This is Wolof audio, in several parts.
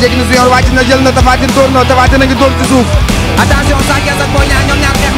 jéggi na si yoon wàcc na jël na Tapha Tine dóor na Tapha Tine a ngi dóor ci suuf attention Sa Thiès ak Boy Niang ñoom ñaar xeex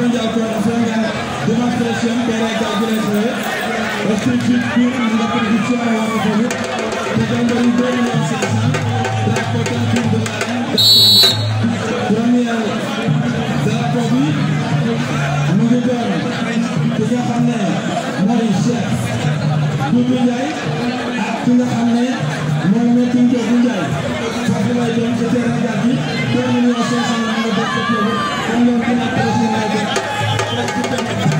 Yardımcı a ve Demonstrasyon BRK Güneşleri Öksürtük bir a güçlüğü alanı konu Tekenderin böyle yansıdısan Drakotan Kürdoların Premier Drakobi Mugudon Tiga Hamle Mari Chef Dudu Ndiaye ak ki nga xam ne moom ne Tinko bu Ndiaye foofu lay doon ci terrain bi deux millions cinq cent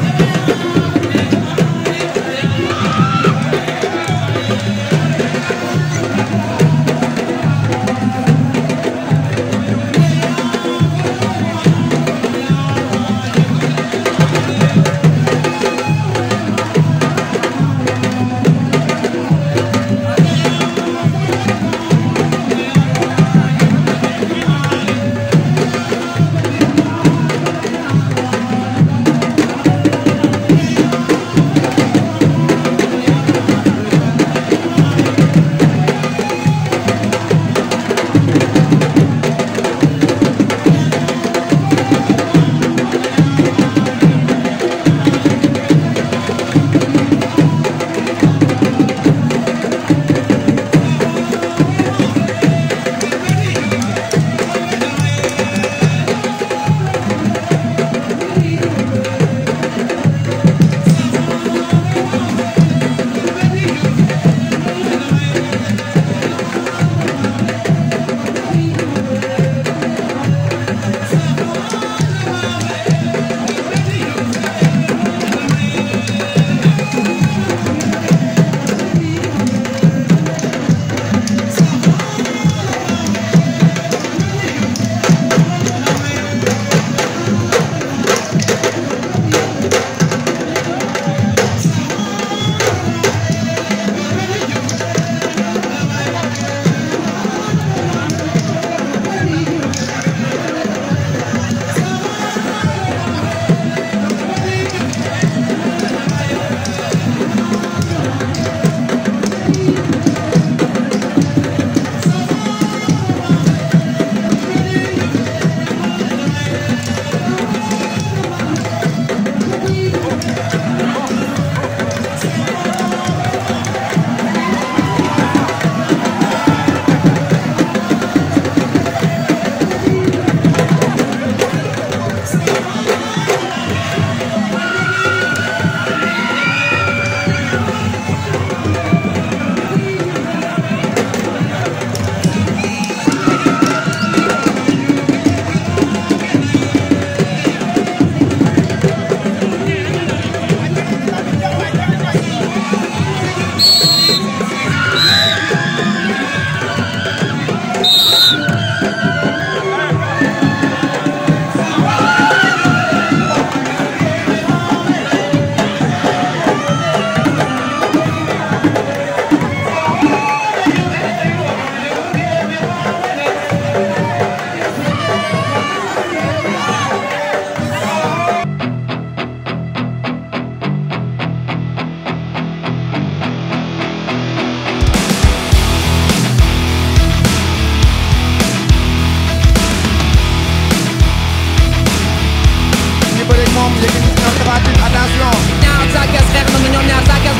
attention ñaar saakees xeex ñoom ñaar saakees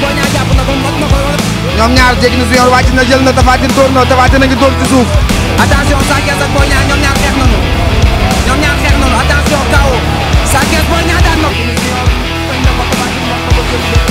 na ko mot na ko ñoom ñaar jéggi na su yoon wàcc na jël na tafaatin dóor na tafaatin na ngi dóor ci suuf attention ñaar ñoom ñaar xeex nañu ñoom ñaar xeex nañu attention kaw